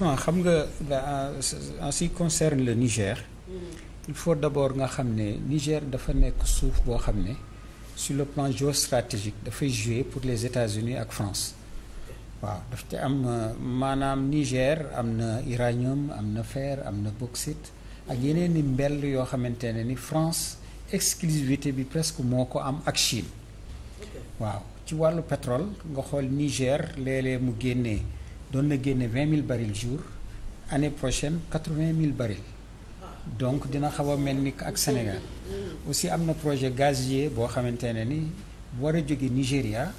non xam nga en ce qui concerne le Niger il faut d'abord nga xam ne Niger dafa nekk suuf boo xam ne sur le plan géostratégique dafay jouer pour les états ak France waaw daf ci am maanaam Niger am na uranium am na fer am na bauxite ak yeneen i mbell yoo xamante ne ni France exclusivité bi presque moo ko am ak Chine waaw ci wàllu pétrole nga xool Niger léeg-léeg mu génnee doon na génne vingt mille barils jour année prochaine quatre vingt mille barils donc dina xaw a mel ni ak Sénégal aussi am na projet gazier boo xamante ne ni war a jóge Nigéria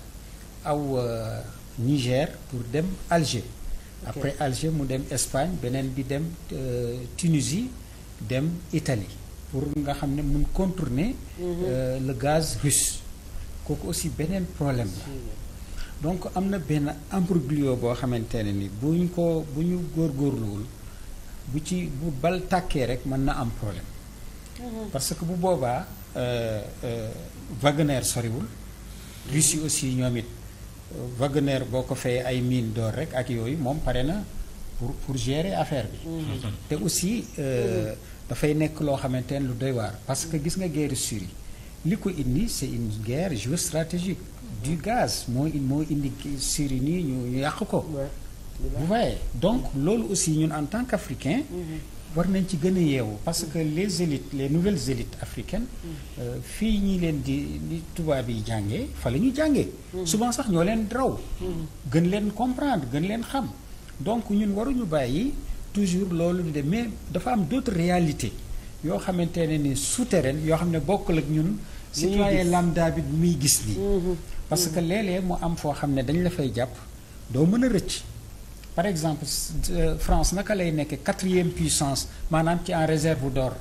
aw euh, Niger pour dem Alger après Alger mu dem Espagne beneen bi dem euh, Tunisie dem Italie pour nga xam ne mun contourner mhm. euh, le gaz russe kooku aussi beneen problème la donc am na benn imbroglio boo xamante ne ni buñ ko bu ñu góorgóorluwul bu ci bu bal tàkkee rek mën na am problème. Mhm. parce que bu boobaa euh, euh, Wagner soriwul. Russie aussi ñoom it euh, Wagner boo ko fayee ay mine d'or rek ak yooyu moom pare na pour pour gérer affaire bi. Mhm. te aussi mhm. dafay nekk loo xamante lu doy waar parce que gis nga guerre Syrie li ko indi c'est une guerre géostratégique du gaz moo moo indi suri nii ñu yàq ko vous voyez donc loolu aussi ñun en tant qu'Africain mm-hmm. war nañ ci gën a yeewu parce que les élites les nouvelles élites africaines mm-hmm. euh, fii ñi leen di di tubaab yi jàngee fa la ñuy jàngee mm-hmm. souvent sax ñoo leen raw gën leen comprendre gën leen xam donc ñun waruñu bàyyi toujours loolu de mais dafa am d'autres réalités yoo xamante ne ni souterraine yoo xam ne bokkul ak ñun citoyen lambda bi muy gis nii mm-hmm. parce que léeg mu am foo xam ne dañ la jàpp doo mën a rëcc par exemple euh, France naka lay nekk quatrième puissance maanaam ci en réserve door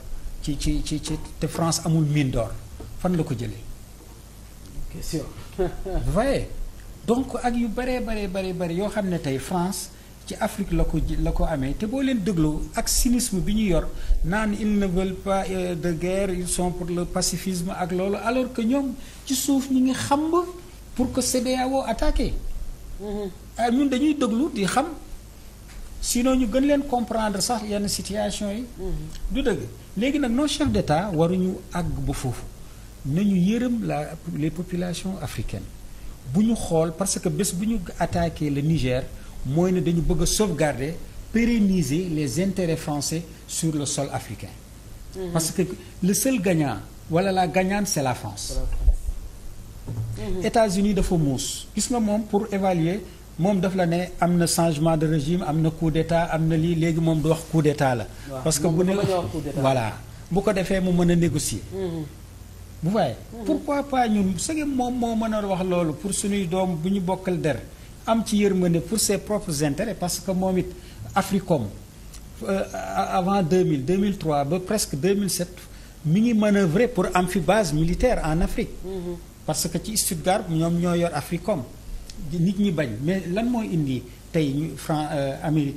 ci ci ci ci te France amul mine d'or fan la ko jëlee question vous donc ak yu bëree bare bare bëri yoo xam ne tey France ci Afrique la ko ji la ko amee te boo leen dégloo ak cynisme bi ñu yor naan ils ne veulent euh, de guerre ils sont pour le pacifisme ak loolu alors que ñoom ci suuf ñu ngi xam pour que CEDEAO attaqué. Mm-hmm. Ah, ñun dañuy déglu di xam sinoo ñu gën leen comprendre sax yenn situation yi. Mm-hmm. du dëgg léegi nag nos chefs d'État waruñu àgg ba foofu nañu yërëm la les populations africaines bu ñu xool parce que bés bu ñu attaqué le Niger. mooy na dañu bëgg a sauvegarder pérenniser les intérêts français sur le sol africain. Mmh. parce que le seul gagnant wala la gagnante c'est la France. Mmh. États-Unis dafa muus gis nga moom pour évaluer moom daf la ne am na changement de régime am na coup d'état am na lii léegi moom du wax coup d'état la. parce que bu ne voilà bu ko defee mu mën a négocier. bu mhm. waaye mhm. pourquoi pas ñun sëñ moom moo mën a wax loolu pour suñuy doom bu ñu bokkal der. am ci yërmande pour ses propres intérêts parce que moom it Africom euh, avant deux mille 2003 ba presque 2007 mi ngi manœuvrer pour am fi base militaire en Afrique. Mhm. parce que ci Stuttgart ñoom ñoo yor Africom. nit ñi bañ mais lan moo indi tey ñu Fran euh, Amérique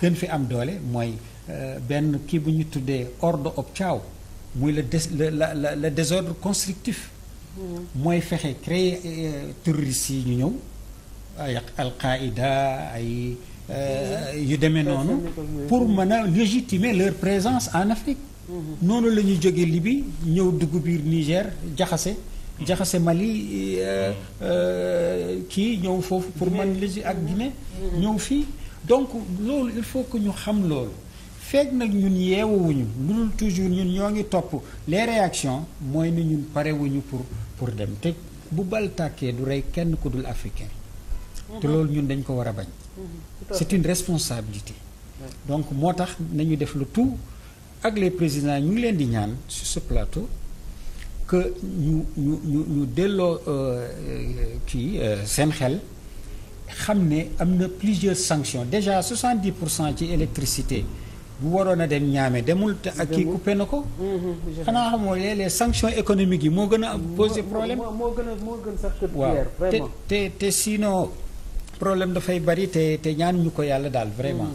gën fi am doole mooy euh, benn kii bu ñu tuddee ordre of chaos muy le des la la le désordre constructif. Mhm. mooy fexe créer terroristes yi ñu ñëw. ay Al-Qaïda ay. Euh, yu demee noonu pour mën a légitimer leur présence en Afrique mhm. noonu la ñuy jóge libi ñëw dugg biir Niger jaxase mhm. jaxase Mali euh, mhm. euh, kii ñëw foofu pour mën légi ak Guinée ñëw fii donc loolu il faut que ñu xam loolu feeg nag ñun yeewuwuñu lu dul toujours ñun ñoo ngi topp les réactions mooy ni ñun parewuñu pour pour dem te bu bal tàkkee du rey kenn ku dul africain te loolu ñun dañ ko war a bañ. c'est une responsabilité. donc moo tax nañu def le tout ak les présidents ñu ngi leen di ñaan sur ce plateau que ñu ñu ñu ñu delloo euh, euh, kii euh, seen xel xam ne am na plusieurs sanctions déjà 70 pour cent ci électricité bu waroon a dem ñaame demul te ak kii coupé na ko. Mhm, xanaa xam nga les sanctions économiques yi moo gën a. poser problème moo gën a moo gën sax waaw te te te problème dafay bari te te ñaan ñu ko yàlla daal vraiment.